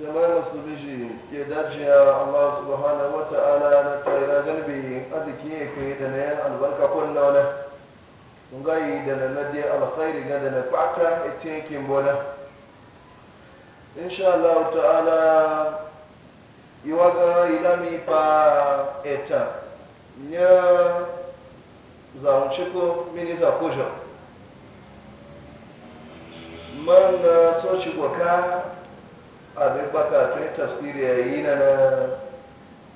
jama'ar musulmi ya dace Allah subhanahu wa ta'ala na tsayira galbi arziki ya kai da na yan albarka kunna wani ngayi da na nadi alkhairi ga da na fata ita yake bola insha Allah ta'ala iwaga ilami pa eta nya zaunchiko mini za kujo man so chikoka abin baka tun tafsiri ya yi na na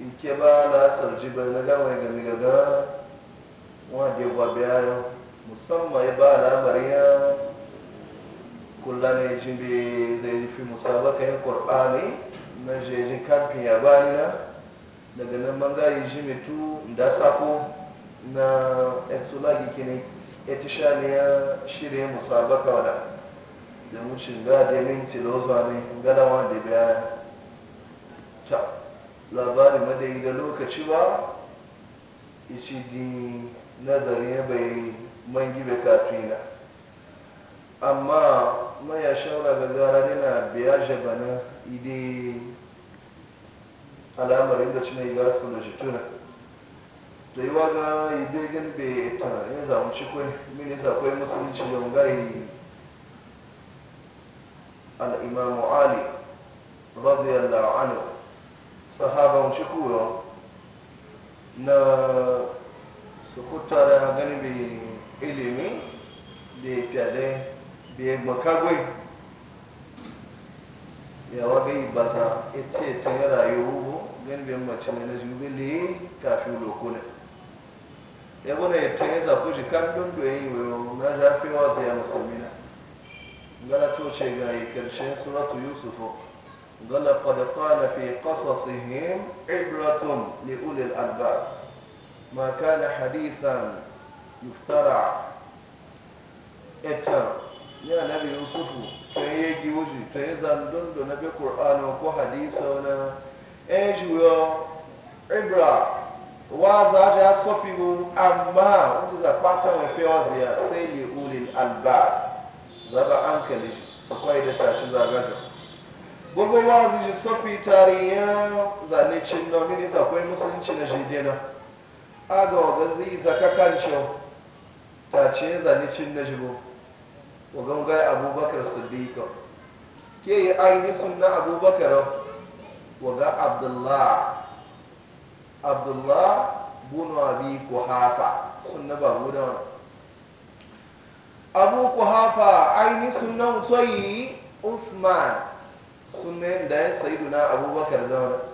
ike ba na sarji bai na gama ga gami gaga wadda ya gwabi ayo musamman ya ba lamarin ya kula ne jin bi fi musabaka yin na jejin kamfin ya bani na daga nan man gayi ji tu da sako na exulagi kini ya shirya musabaka wadda da wuce ga da minti da wasu ne galawa da biya ta labarin madayi da lokaci ba ici di nazari ya bai man gibe katina amma ya shawara ga gara yana biya jabanin ide alamar da cina yi gasu da shituna da yi waga ibe gan bai tana yin zamuci kwai minisa kwai musulunci yau gayi الإمام علي رضي الله عنه صحابة شكورا na su kutara gani bi ilimi da fiyade bi makagwai ya waga yi basa ce ta yi rayuwa gani bi mace ne na jubili kafin lokuna ya ta yi zafi jikan dundu ya yi wayo na jafewa su ya musulmi na قال توشي غاي كرشين سورة يوسف قال قد قال في قصصهم عبرة لأولي الألباب ما كان حديثا يفترع اتر يا نبي يوسف فيجي وجي فيزن دندو نبي قرآن وكو حديث ولا ايجو عبرة وازا جا صفي أما وجزا قاتا وفي وزيا سيلي أولي الألباب zaga kalli shi sakwai da tashi zaga ga gbogbo wazi shi sofi tariya zane cin da mini sakwai musulunci na shi dina aga wa gazi zaka kanci ta ce zane cin na shigo wa gangaye abubakar siddiqa ke yi aini sunna abubakar wa ga abdullah abdullah bunu abi kuhafa sunna ba gudanar abu hafa aini sunan soyi uthman sunan da ya duna abubakar zaune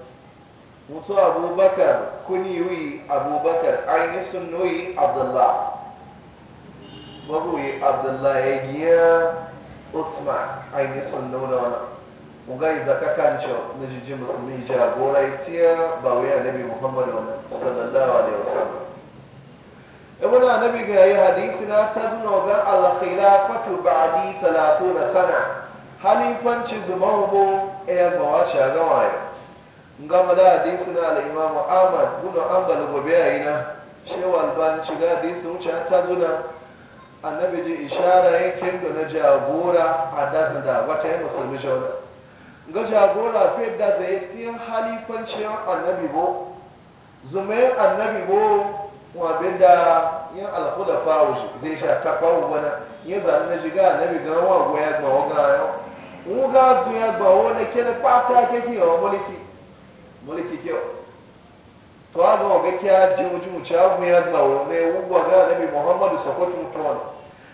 mutu abubakar kuniwi abubakar aini sunoyi abdullah yi abdullah ya giya usman aini sunan wani ugai zaka shi na jijji musulmi jagorai tiya ba wuya nabi muhammadu sallallahu alaihi wasallam ibn annabi ga yi hadisi na ta zuno ga al-khilafatu ba'di 30 sana halifanci zumawo ya bawa shagawa ga mala hadisi na al-imamu ahmad bin ambal gobe ayina shehu alban ci ga hadisi wuce ta zuna annabi ji ishara yake da na jagora a dasin da wata yi musulmi shauna ga da zai tiyan halifancin annabi bo zumayin annabi bo wa da yin da wa zai sha ta fawo wani yin zane na shiga na biga wa goya gba wa ga yau mu ga su ya gbawo wa na kira fata kake yawa mulki mulki kyau to a ga waga kya ji wuji wuce abu ya gbawo na yawu gwa ga bi muhammadu sakwati mutuwan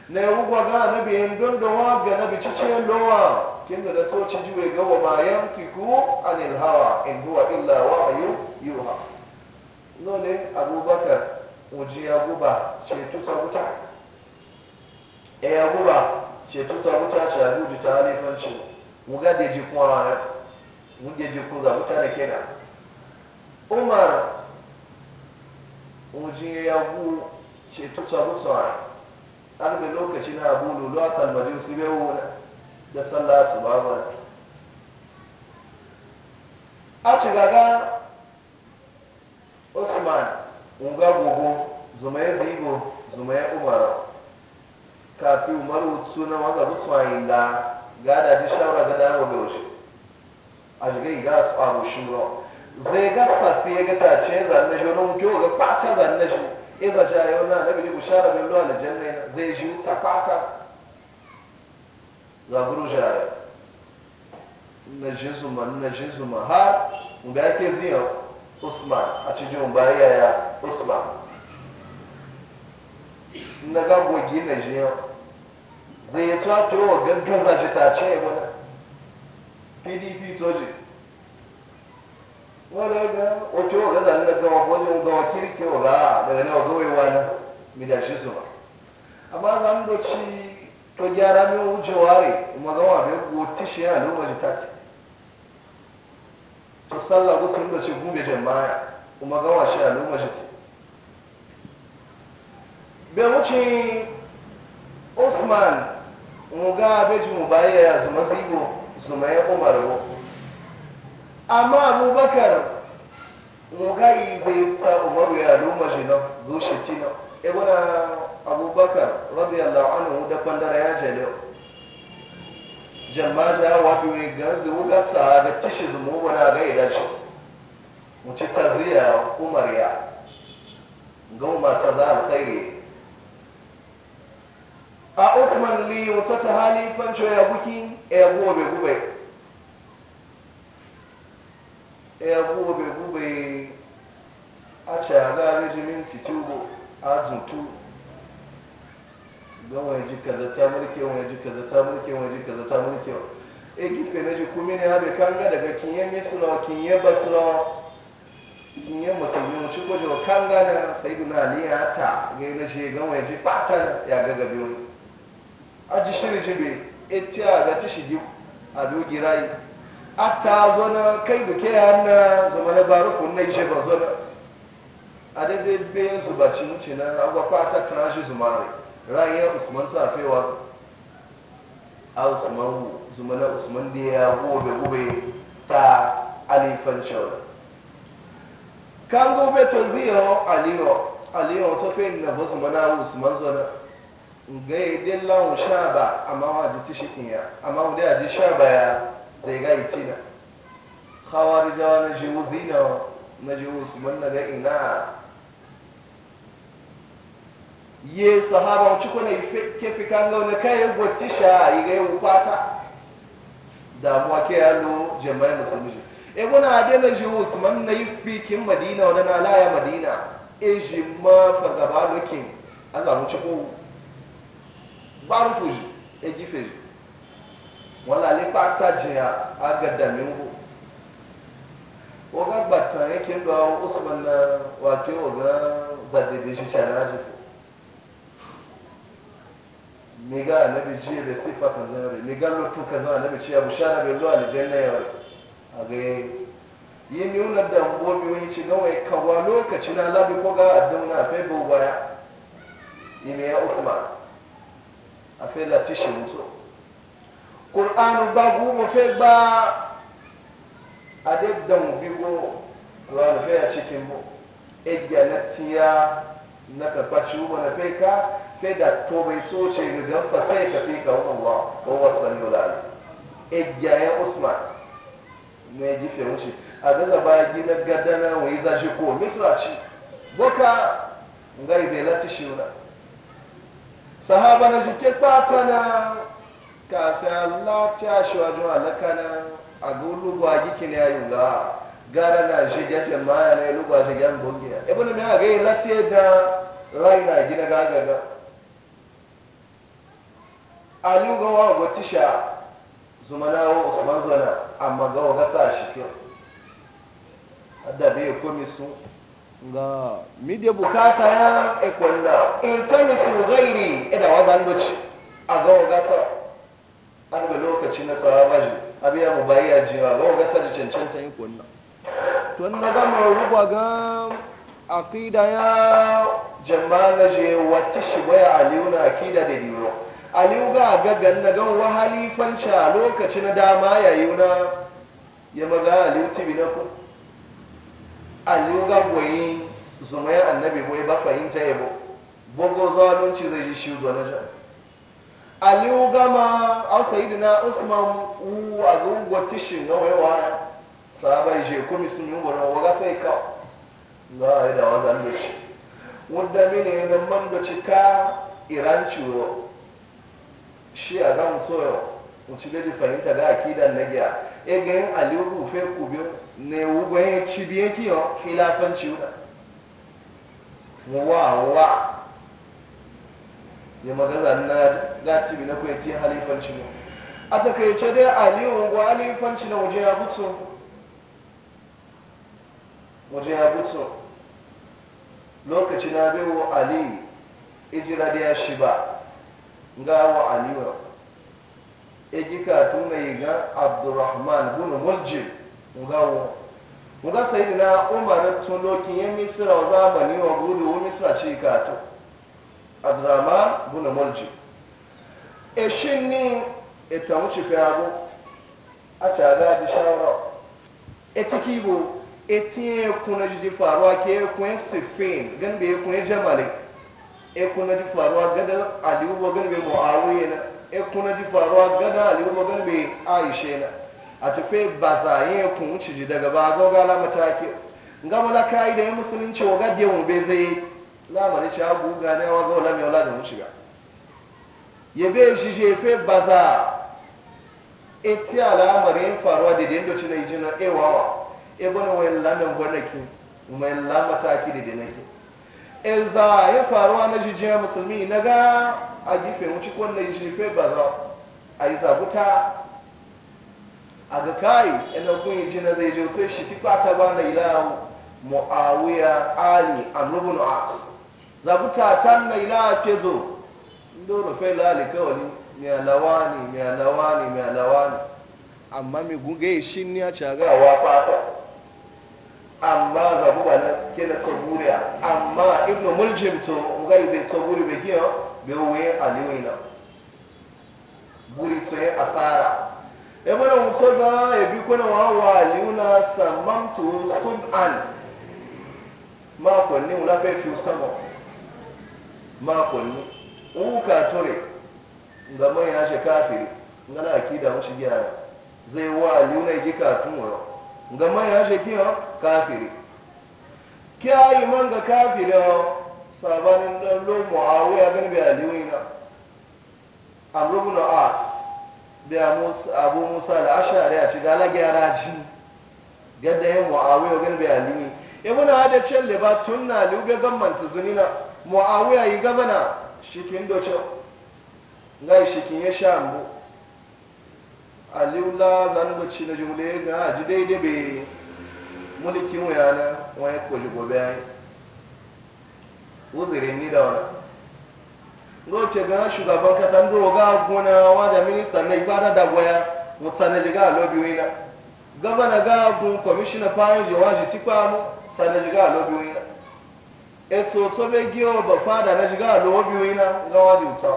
na yawu gwa ga bi yin dondowa ga nabi ciciyar lowa kin da so ci juwe ga wa ma yantiku anil hawa in huwa illa wa'ayu yuha. Nole Abubakar ujiya guba cetu ta wuta e, ya guba cetu ta wuta ce a da ji kuma wani wuge ji kuma za wuta da umar ujiya ya gu cetu an bi lokacin abu lulu a talmajin su bai wuna da sallah su ba a cigaga gaga usman nga gugu zuma ya zigo zuma ya umara kafi umar umaru suna maza bu swayin da gada ji shawara ga dano da wasu a shiga yi gasu abu shuro zai gasa safi ya gata ce zanne shi wani mutu ga kwata zanne shi ya za sha yau na nabi ji shara bin luwa da janna zai shi wuta kwata zaburu shara na shi zuma na shi zuma har mu ga ke ziyan usman a cikin bayan yaya usman na gagogi na jiya zai yi tsato wa gaggan zaji ta ce mana pdp soji wani ga wato wa gaza na gawa wajen gawa kirki wa ga daga nawa gawewa na midashi su ba amma zan doci to gyara mai wucewa ne kuma gawa bai gotishi ya nuna jitati to sallah ku sun da gube da maya kuma gawa shi a luma jiti bai wuce usman muga beji mu baya ya zuma zigo zuma ya umar ro amma abubakar muga yi zai tsa umaru ya luma na, zuwa shi tina ibuna e abubakar radiyallahu anhu da bandara ya jale jama'a da wafi mai ganzu wuga ta da tishi zumu wani ga ida shi wuce ta ziya umar ya gauma ta za a tsaye a usman li wata ta hali fanco ya buki ya gobe gube ya gobe gube a shaga rijimin titubu a zuntu don wani ji kaza ta mulke wani ji kaza ta mulke wani ji kaza ta mulke e gife na ji kuma ne habe kan ga daga kinye misra kinye basra kinye musulmi mu ci gojo kan ga da sai ali ya ta ga na shi ga wani ji fatan ya ga gabe wani a ji shiri ti etiya ga ci shigi a dogi rai a ta zo na kai ke hannu zama na kun na ishe ba zo na a daidai bayan su ba ci wuce na agwa fata tana shi rayuwar usman ta fewa a usman zumana usman da ya gobe gobe ta alifan shawar kan gobe to ziyo aliyo aliyo ta fi na bo zumana usman zona ngai den lawo shaba amma wa ji tishikin ya amma mawa da ji ba ya zai ga itina jawa na jiwu zina na jiwu usman na ga ina ye sahaba wuci kuna ke fi kanga gauna kai wacce sha yi ga yau fata damuwa ke yalo jama'i musulmi e muna adela ji usman na yi kin madina wani na laya madina e ji ma fargaba lokin an zamu ci ko gbaru ji e gife ji wala le ta jiya a gaddamin ko ga gbatan yake da usman na wato ga badde da shi ko? mi ga annabi ji da sifa kaza ne mi ga lutu kaza annabi ci ya bushara bai zuwa aljanna yau a ga yi mi wuna da gobe wani ci ga wai kawa lokaci na labi ko ga addauna fai bu baya yi mi ya ukuma a fai latishi musu qur'anu babu mu fai ba a daddan bigo qur'anu fai a cikin mu egya na ka fashi na kai ka fai da to bai soce ga fa sai ka fi ka wani Allah ko wasan yola ne egyayen usman mai fe wuce a zaga baya gina gadana wani shi ko misra ci boka ngai bai lati shi wuna sahaba na jike bata na kafin allah ta shi wa alaka lakana, a gulu gwa gikin yayin la'a gara na shi gashe maya na ilu ba shi gan bongiya ibn mi aga yi lati da rai na gina gaga da ayu ga wa go tisha zumana wa usman zona amma ga wa sa shi to adda be komi su ga midye bukata ya e kwanda in tani su gairi ida e wa dan doci a ga wa gata an ga lokaci na sarabaji abiya mu bayi ajiya ga wa gata ji cancanta yin kwanda tun na gama rugwa ga akida ya jama'a je wacce shi waya aliyu na akida da dino aliyu ga gaggan na gama wa fanca lokaci na dama yayu na ya maga aliyu tibi na ku aliyu ga goyi zuma ya annabi boye ba fahimta ya bo bogo zalunci zai ji shi na jan. aliyu gama a sayidina usman wu a gungwati shi na waiwa sahabai she kumi sun yi gona waga ta yi kawo za a yi da wazan da shi wadda mini zan man da ci ka iran ciwo shi a zan soyo mu ci da fahimta da akidan na giya e ga yin aliyu rufe kubin ne wugon yin ci biye kiyo khilafan ciwo wa wa ya magaza na gati bi na kwaiti halifanci ne a takaice dai aliyu wa halifanci na waje ya fito waje ya gutsu lokaci na bewa ali ijira da ya shi ba gawa aliyu egika tun mai ga abdurrahman bin muljim gawo muga sai na umar tun lokin yin misira wa zamani wa gudu wa misira ce ka to abdurrahman bin muljim e shin ni ita e wuce fi abu a ta gaji shawara e tiki etinye kuna jiji faruwa ke kun sifin gan be kun jamale e kuna ji faruwa gada aliyu bo gan be muawiya na e kuna ji faruwa gada aliyu bo gan be aisha na a tafe ba sa yin kun ci ji daga ba ga ga mataki ga mala kai da musulunci wa gadde mu be zai lamari ci abu ga ne wa ga wala mai wala da mu shiga yabe shi je fe ba sa eti alamarin faruwa da dendo na ijina ewawa e bana wayan ki? gwanaki mai mata ki da nake e za ya faruwa na jijiya musulmi naga a gife wuce ko na fe ba za a yi zabuta a ga kai ina kun yi jina zai je to shi tikwata ba na ilahu muawiya ali amrubun as zabuta tan na ilahu ke zo ndoro fe lalikawali mai lawani mai lawani mai lawani amma mi gugaye shi ni a cagawa fata amma za buba na kela tsoburiya amma ibnu muljim to ngai zai tsoburi bai kiyo bai wuyen na, buri tsoye asara e bana muso ga e bi kuna wa wa aliwina samamtu sub'an ma konni wala fe fi sama ma konni uka tore ngama ya she kafiri ngana akida mushi gyara zai wa aliwina gika tunwa mai ya she kiyo kafiri kiyayi man ga kafiri sabanin don lo muawiya gan bi aliwina amru ibn as bi abu musa al-ashari a shiga la gyara shi gadda yin muawiya gan bi aliwi ibn hada cin liba tunna lube gammanta zunina muawiya yi gabana shikin doce ngai shikin ya sha ambu aliula zanugo na jumle ga ji daidai bai mulkin wuyana wani kuli gobe ya yi uzirin ni da wani lokaci ga shugaban kasa ndo ga gona wajen minista na ibada da goya mutane ga lobi wina gabana ga gun kwamishina fahimji wajen tikwa mu sanaji ga lobi wina eto to be giyo ba fada na jiga lobi wina ga wajen ta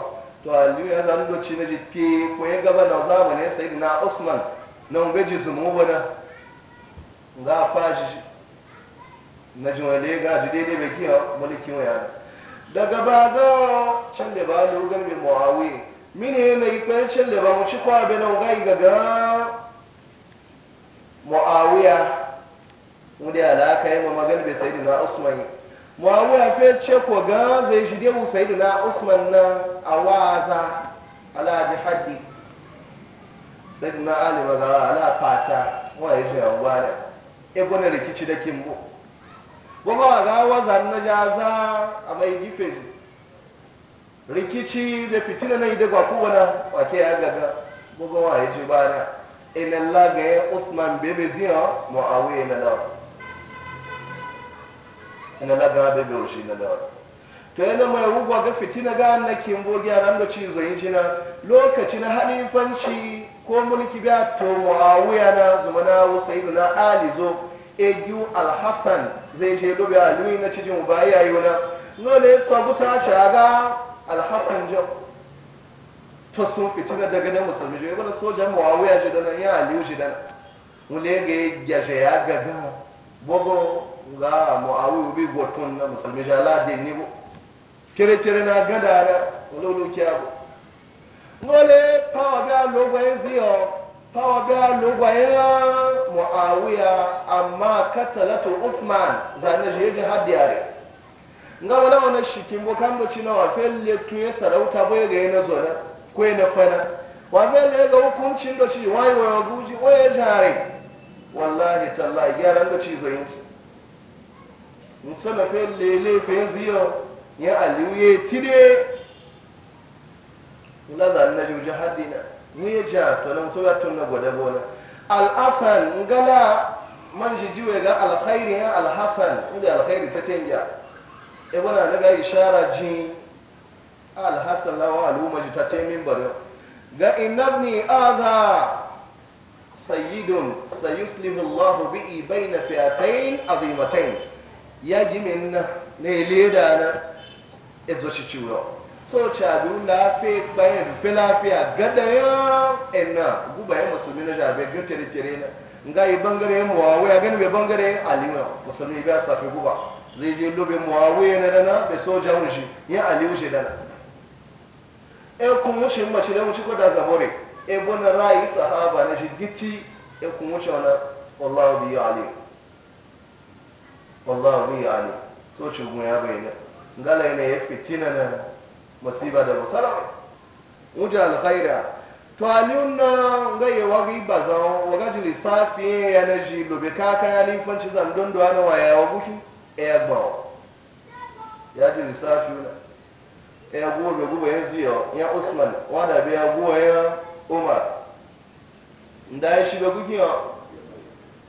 to aliyu ya zanu doci na jike ko ya na zamanin sayyidina usman na a fashi na jimale ga ji daidai bai kiya mulkin waya daga ba ga can da ba lugar mai muawi mini na yi kwayan can da ba mu ci kwa bai na gai ga ga muawiya wanda alaka yi ma magana bai sayi na usman muawiya fe ce ko ga zai shi dai sayi na usman na a waza ji haddi sayi na ali maza ala fata wa ya shi a egwana rikici da kimbo gbogbo a ga wazan na jaza a mai gife rikici da fitina na ide gwa kowana wake ya gaga gbogbo a yi ji bana inan lagaye usman bebe ziyan mu'awiyya na lawa inan lagaye bebe oshi na lawa to yana mai rugwa ga fitina ga annakin bogi a ran da ci zoyin jina lokaci na halifanci ko mulki biya to muawiya na zumana usaidu na ali zo egiu alhassan zai je lobe aliyu na cijin baya yona nole ta shaga alhassan jo to sun fitina daga nan musulmi jo yabana sojan muawiya ji dana ya aliyu ji dana mule ga gyaje ya gaga bogo ga muawiya bi gotun na musulmi jala de ni bo kere kere na gada na lolo kiyago ngole pawa lugwa logwa enziyo pawa bia logwa ya muawiya amma katalatu uthman zane jeje hadiyare nga wala wani shikin bo kan baci na wafen ya sarauta boye ga yana zona ko yana fana wafen le ga hukuncin da ci wai wa guji o ya jare wallahi tallahi yaran da ci zoyin mun sana fe lele fe ziyo ya aliyu ya tide nga za na juji hadina mu ya ja to na mutu ya tunna gwada bona al'asan ngala man shi jiwe ga alkhairi ya alhasan inda alkhairi ta tenja ibuna e, na ga ishara ji alhasan lawa al'umma ji ta temin baro ga inabni adha sayyidun sayuslimu allah bi'i bayna fi'atayn azimatain ya jimin na ne leda na ezo shi ciwo soca du lafe bayan rufe lafiya gada ya ina guba ya musulmi na jabe ga kere na nga yi bangare muawiya gani bai bangare aliyu musulmi ga safi guba zai lobe na dana da soja wuce ya aliyu dana e kun wuce mace da wuce kwada e na shi giti e masiba da musala wuja alkhaira to aliyun na ga ya wagi baza waga ji lissafi eh, ya na ji lobe kaka ya lifanci zandon da wani waya wa guki ya eh, gbawa ya ji lissafi na eh, ya guwa bai guba yanzu ya usman wada be ya guwa ya umar da ya shiga guki ya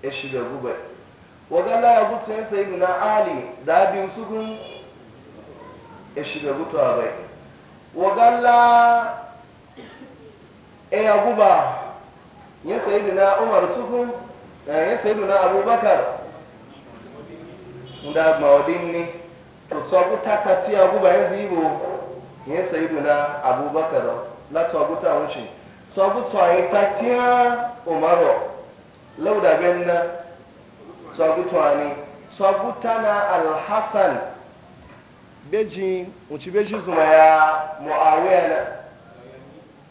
ya shiga guba waga la ya gutu ya ali da abin sukun ya shiga gutu a wagalla e eh, guba ya sayi na umar suku eh, ya sayi na abubakar da mawadin ne to tsogu ta tati ya guba ya zibo ya sayi na abubakar la tsogu ta wuce tsogu tsoye ta ya umaru lauda bin na tsogu tsoye tsogu tana alhassan beji wuci beji zuma ya mu'awiya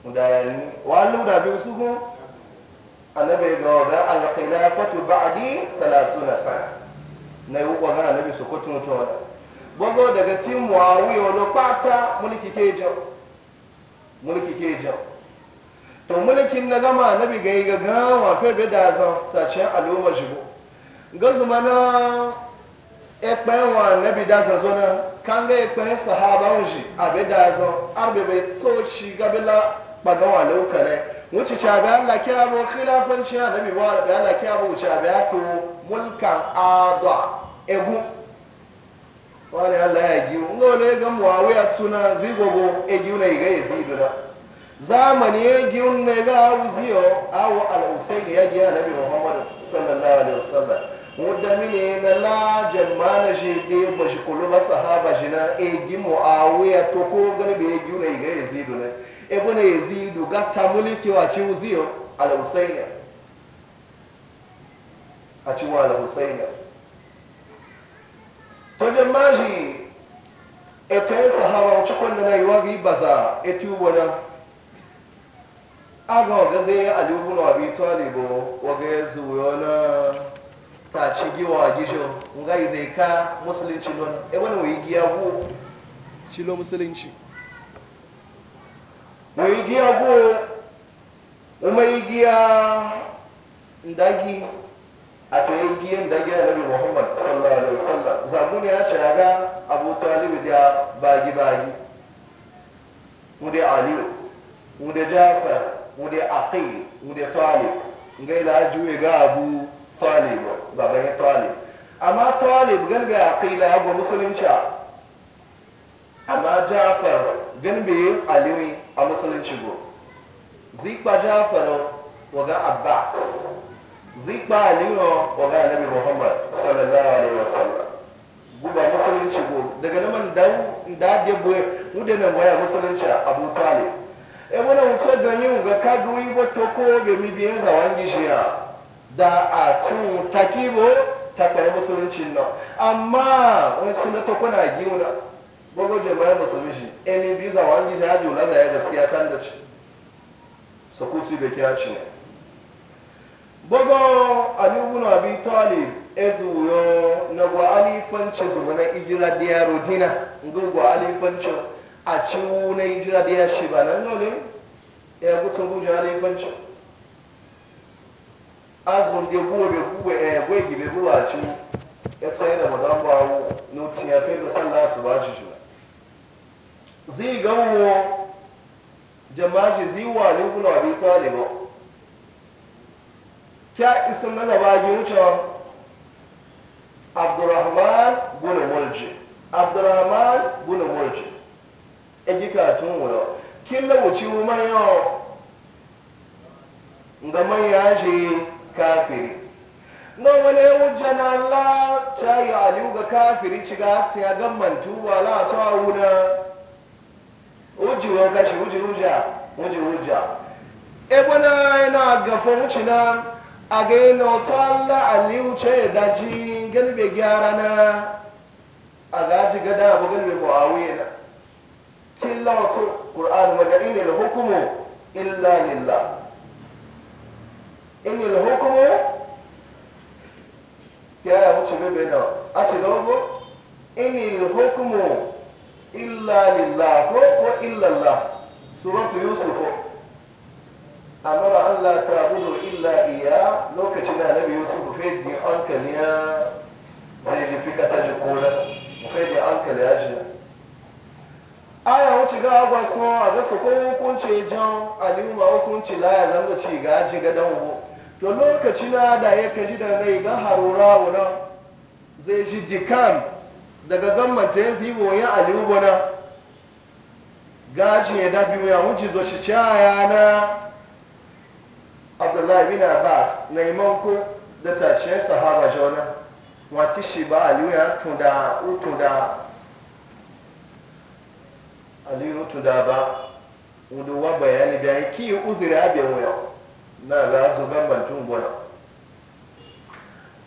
na da yanni da biyu su a annabi ga wa al-khilafatu ba'di 30 sana na yi ko ga annabi su ko tun to bogo daga tin mu'awiya wala fata mulki ke jaw mulki ke jaw to mulkin na gama annabi ga ga wa fe be da za ta ce al'umma shigo ga na ekpen wa nabi da sa zona kan ga ekpen zi a abe da zo arbe bai so shi gabila bana wa laukare wuce cha ga Allah ki abo khilafan shi nabi wa ga Allah ki abo cha to mulkan adwa egu wani Allah ya gi ngo ne ga muawiya suna zigogo egi ne zi yazidu da zamani ya gi ne ga auziyo awu al-usayd ya gi nabi Muhammad sallallahu alaihi wadda mini na lajen mana shi ke ba shi kulu ba sahaba na egi mu'awiya to ko gani bai egi na iga na yazidu ga ta mulki wa ci uziyo al-husaini a ci wa al-husaini to da maji efe sahaba wacce kwanda na yi wa riba za e na aga wa gaza ya alibu na abi talibu wa ga ta ci giwa a gisho nga zai ka musulunci don? e wani wai giya go cilo musulunci wai giya go umai giya ndagi a to yi giya ndagi a nabi muhammad sallallahu alaihi wasallam zabuni ya ce ga abu talibu da bagi bagi mu aliyu wude jafar mu da aqil mu talib ngai la juwe ga abu talib baban ya talib amma talib galbe aqida abu musulunci amma jafar a musulunci go zikpa jafar waga abbas zikpa aliyu waga nabi muhammad sallallahu alaihi wasallam guba musulunci go daga naman dan da da boye mudanan waya musulunci abu talib e, wuce ga ba da a cin takibo takwai musulunci nan amma wani suna ta kuna giwuna gwagwa jama'ar musulmi shi emi biza wa hangi ya jula da ya gaskiya kan da ci sakutu da kya ci ne gwagwa alibun abi talib ezuyo na gwa alifancin su mana ijira da ya rodina gwa alifancin a ciwo na ijira da ya shi ba nan nole ya gutsun gujen alifancin azumin da buwa bai buwa ya bai gibe buwa ci ya tsaye da madan bawo nuti ya fi sallah su ba shi zai gawo jama'a zai wa ne kula bi kya isun na ba gi wucewa abdurrahman bin mulji abdurrahman bin mulji e gika tun wuyo kin lawuci mu man yo ga man yaje kafiri no wale wujja na Allah chayi aliyu ga kafiri ciga ta ya gammantu wa lati wa wuna ujiwa kashi uji uja uji uja ebona yana gafa wucina a ga na otu Allah aliyu ce daji galbe gyara na a gaji gada abu galbe muawiya na kila wasu ƙur'an wadda ilil hukumu illa lillah inna lahu kuma ya ya wuce bebe da a ce dogo inni hukumu illa lillah ko ko illa Allah suratu yusuf amara an la ta'budu illa iya lokacin da nabi yusuf fe di hankali ya zai ji fika ta ji kola fe di hankali ya ji aya wuce ga agwa so a ga su ko hukunci jan alima hukunci la ya zanga ci ga ji ga dan to lokaci na da ya kaji da nai ga harura wuna zai shi dikan daga gammanta ya zibo ya aliyu na gajin ya dabi ya wuce zo shi caya na abdullahi bin abbas na imanku da tashiyar sahaba jona wata shi ba aliyu ya tunda tunda aliyu tunda ba wuduwa bayani bayan kiyi uzuri abin wuyan na lazu bambancin gona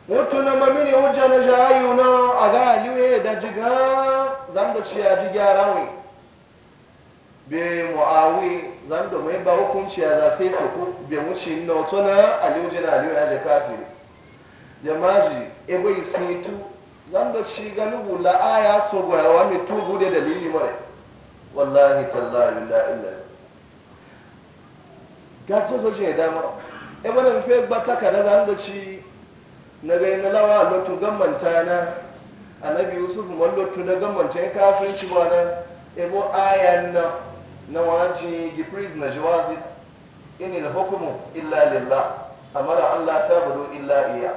mutu na mamini hujja na jayu na a ga aliyu da jiga zan da a ji gyara wai be mu'awi zan mai ba hukunci a za sai su ku be wuce na wato na aliyu na aliyu ya da kafiri jamaji ebe isitu zan da ci gani lubu la'aya so wa mai tubu da dalili mara wallahi tallahi la'ilai gato zo je dama e wala mi fe gbata kada zan da ci na ga na lawa lotu gammanta na annabi yusuf mun lotu da gammanta ya kafin ci bana e bo ayan na na waji gifriz na jawazi in hukmu illa lillah amara allah ta illa iya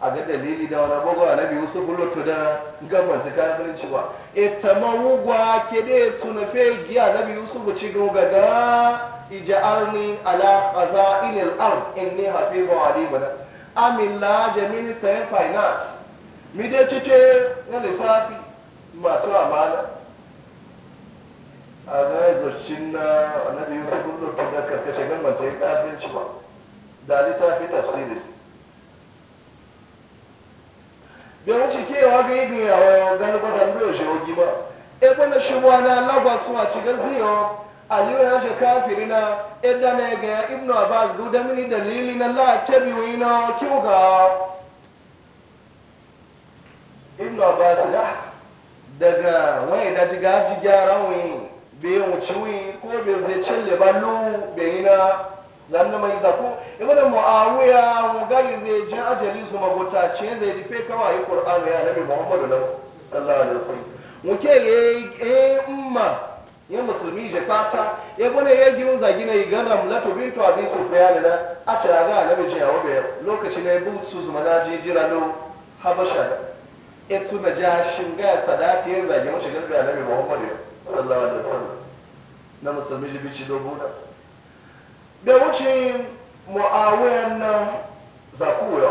a ga dalili da wani biyu su bulo to da gabanta kafirci ba e tamamu gwa ke de tuna fe giya annabi yusuf ci goga ga ij'alni ala ne hafi ba inni hafizu alim amin la minista yin finance mi de tike na lissafi masu amana a zai zocin na su bulo to da karkashin gabanta kafirci ba da littafi tafsirin bai wuce kewa ga yi yawa gani ba zan biyo shewa e kwana shi ba na lagwa su a cikin ziyo na yadda na ga abbas guda mini dalili na la na kiwu ga abbas daga wani da jiga ji gyara ko bai zai cille ba yi na da muawiya mu gari zai jin ajali su magota ce zai rufe kawai yi qur'an ya nabi muhammadu nan sallallahu alaihi wasallam mu ke yi umma ya musulmi je fata ya bane ya ji unza gina igan ramlatu bintu abi bayani na a cira ga nabi je yawo be lokacin ne bu su zuma na ji jira lo habasha etu na ja shinga sadati ya zagi mashi galbi nabi muhammadu sallallahu alaihi wasallam na musulmi je bici dogo da da wuce mu'awiyan nan zakuwa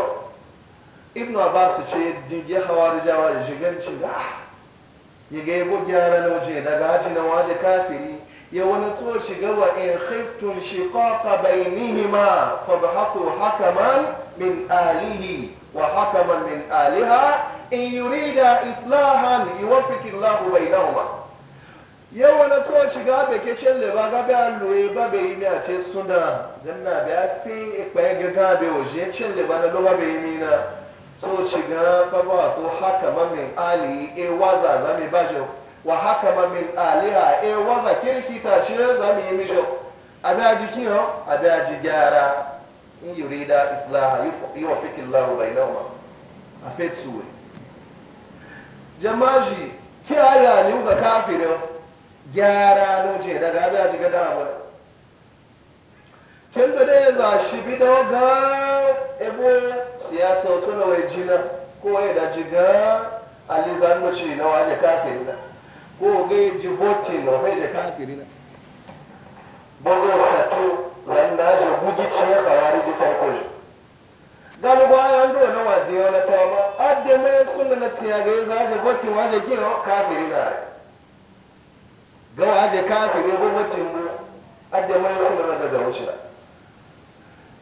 ibn abbas ce jirgi hawar jawa da shiganci ba ya ga yabo gyara na waje daga haji na waje kafiri ya wani tso shiga wa in khaiftun shiqaqa bainihima fabhaqu hakaman min alihi wa hakaman min aliha in yurida islahan yuwaffiqillahu ba. yawa na tsohon shiga beke cin leba gabe an lura ba bai yi miya ce suna ganna da ya fi ikpaye gaga bai waje cin leba na lura bai yi mina so shiga faba ko haka ma min ali e waza za mi bajo wa haka ma min aliha e waza kirki ta ce za mi yi mijo a da ji kiyo a ji gyara in yurida islaha yi wa fikin lahu bai nauma a fetsuwe jamaji kiyaye ne ga kafirin gyara ya daga abin a jiga dara abu kin da ya za shi bi da ga ebo siyasa wato na wai jina ko ya da jiga ali zan na waje kafiri na ko ga ji voti na waje kafiri na bogo sato wanda ajiye bugi ci ya bayari ji farko ne gani ba ya ndo na wadiyo na ta ma adde mai sunna na tiya za je voti waje kiyo kafiri na gawa je kafiri gwamnatin mu adda mai sulama daga wuce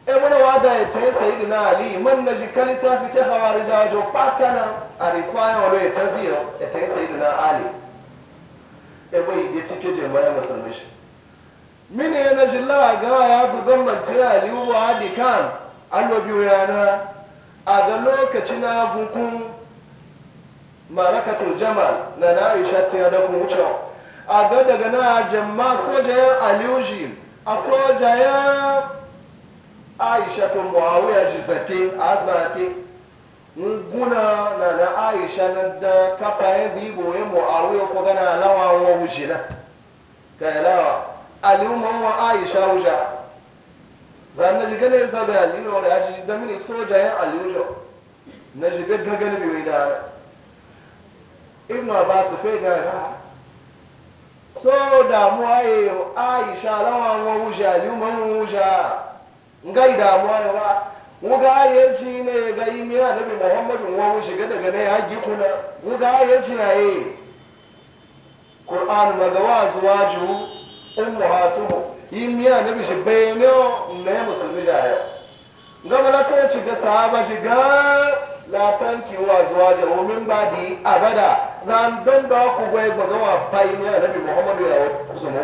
E eh, ibn wada ya ce sayyid na ali man na ji kalita fita hawari da jo fatana a rikwayan wani ya taziyo ya ta yi sayyid na ali eh, bai ya cike je mai musulmi shi mini yana lawa gawa ya zo don mantiya ali wa adikan annabi yana a ga lokaci na hukun marakatul jamal na na aisha ta yada wucewa a ga daga na jamma sojayen aliyu a sojayen aisha tun ya shi sake a sake guna na na aisha na da kafa ya zibo ya muawiya ko gana lawa wa wuce na ka lawa aliyu wa aisha wuja zan na jiga ne sabi aliyu wa da ya shi damini sojayen aliyu na jiga gagan biyu da ibn abbas fai gara so damuwa ye aisha lawan wa wuja liman wuja ngai damuwa ne ba wuga ye shi ne ga yi mi annabi muhammadu wa wuji ga daga ne haji kuna wuga ye shi yaye qur'an maga wa ummu ummahatuhu yi mi annabi shi bayane ne musulmi da ya ga malaka ci ga sahaba shi ga la tanki wa zuwaju min badi abada don da ku gwai ba wa bai ne a nabi muhammadu ya su mu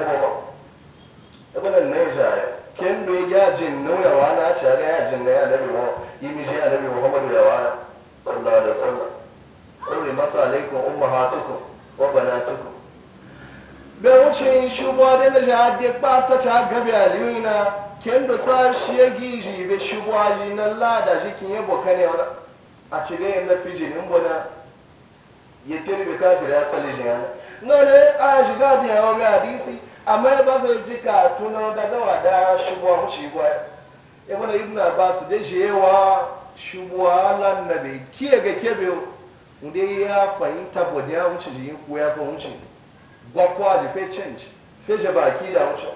ba na nan ja kin da ya jin nuna wa na ci ga ya jin nauya nabi wa yi mi je nabi muhammadu ya wa sallallahu alaihi wasallam kuri mata alaikum hatuku wa banatukum bai wuce shubwa da na ja de pata ta gabe aliyuna kin da sa shi ya giji be shubwa ji na lada kin yabo kane wala a cire na fijinin bana. yekere be kafiri asali jiyana nole aya shiga diya obe hadisi amma ya ba zai ji ka tuna daga wada shubuwa mu shubuwa ya bada ibn abbas da shi yawa shubuwa lan nabi kiye ga kebe unde ya fahimta bodiya mu shi yin ko ya fa mu shi gwakwa ji fe change fe je baki da mu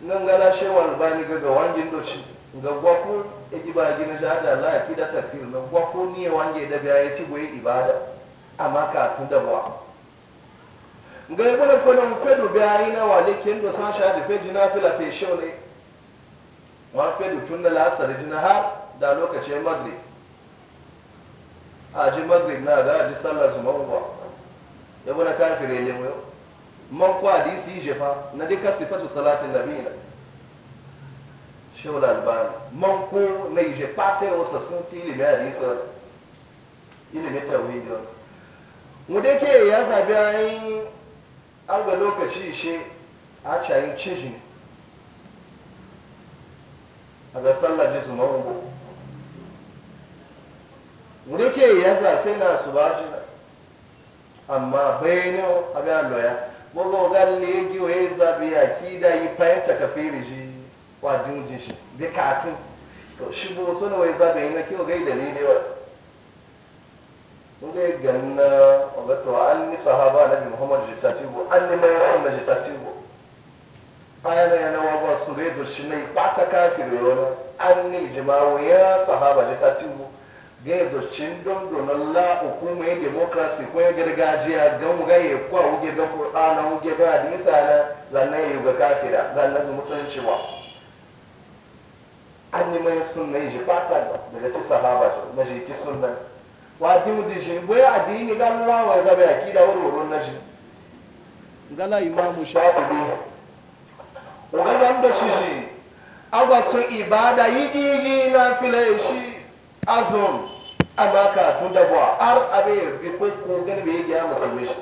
nan gala shewal bani ga ga wangin doci ga gwakwa ejiba gina jaja la kida takfir na ba, ko ni wange da biya ya ci goyi ibada amma ka tun da ba ga ibn kwanan fedu biya na wale kin do san sha da feji na fila fe ne? wa fedu tun da lasar jina har da lokacin maghrib a ji maghrib na ga ji sallar su mawwa ya bana kafire ne mu man kwa hadisi jefa na dika sifatu salatin nabiyina shehu albani man ko na ije patar wasa sun ti ilimin hadisa ilimin tawhidi mu da ke ya zabi ayin an ga lokaci ishe a cayin cijin a ga sallar jisu mawugo mu da ke ya za sai na su ba shi amma bayanin a ga loya gbogbo ga legi wa ya zabi akida yi ta fahimta kafiri shi wa jinjin shi bi katin to shi bo so na wai zaɓe yi na kyau gai dalili wa mun gai ganin na to an ni sahaba na bi muhammad jitatibu an ni mai muhammad jitatibu aya na yana wawa su gai to shi na ipata kafin yau an ni jima'u ya sahaba jitatibu gai to shi don donon la kuma yin demokrasi ko yin gargajiya don mu gai ya kwa wuge don kur'ana wuge da hadisa na zannan yi ga kafira zannan musulunci ba An anni mai sunna ji fatan daga ci sahaba na ji ci sunna wa di mudi shi boye addini ga Allah wa zabe akida wurwurun na shi gala imamu shafi'i wa ga da shi shi agwa so ibada yigi yigi na fila shi azum amma ka tun da buwa har abe ya ko ko gani bai ya musulmi shi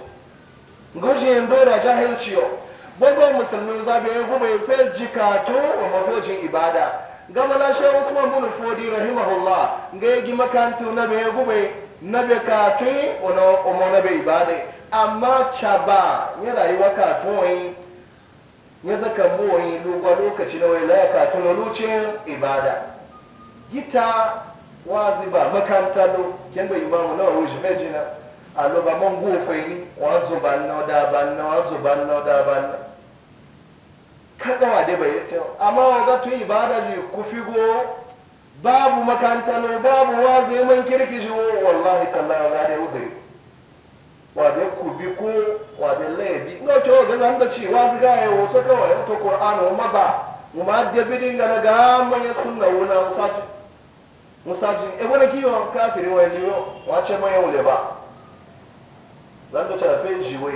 gujin dora jahilciyo gbogbo musulmin zabe ya gube fel jikato wa mafojin ibada gama na shehu usman bin fodi rahimahullah ga ya gi makanti na bai gube na bai kafe ona na bai ibade amma chaba ya rayuwa katon wani ya zaka buwani lugwa lokaci na wani laya katon na lucin ibada gita wazi ba makanta do ken da imamu na wuce mai jina a lobaman gofai ni wanzu ban na da ban na wanzu da ban na kada wade bai ce amma wanga tun ibada ji ku figo babu makanta no babu wa zai man kirki ji oh, wallahi tallahi ga dai uzuri wade ku bi ku wade lebi no to ga nan da ci su ga ya wato kawai to qur'ano ma ba mu ma da bidin ga ga man ya sunna wala musaji musaji e wala kiyo kafiri wa liyo wace man yau ba zan da ta fe jiwe